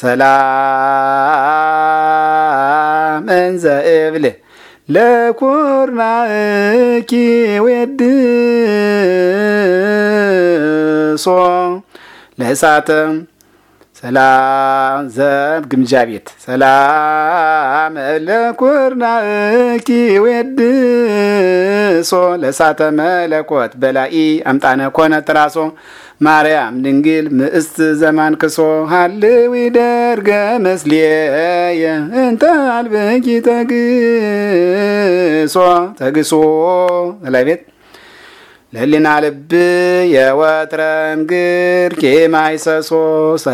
ሰላም እንዘ እብል ለኩርናኪ ወድሶ ለእሳተም ሰላም ዘብ ግምጃ ቤት ሰላም ለኩርና ለኩርናኪ ወድሶ ለሳተ መለኮት በላኢ አምጣነ ኮነ ትራሶ ማርያም ድንግል ምእስት ዘማን ክሶ ሃልዊ ደርገ መስልየ እንተ አልበኪ ተግሶ ተግሶ ላይ ቤት ለሊና ልብ የወትረንግር ኬማይሰሶ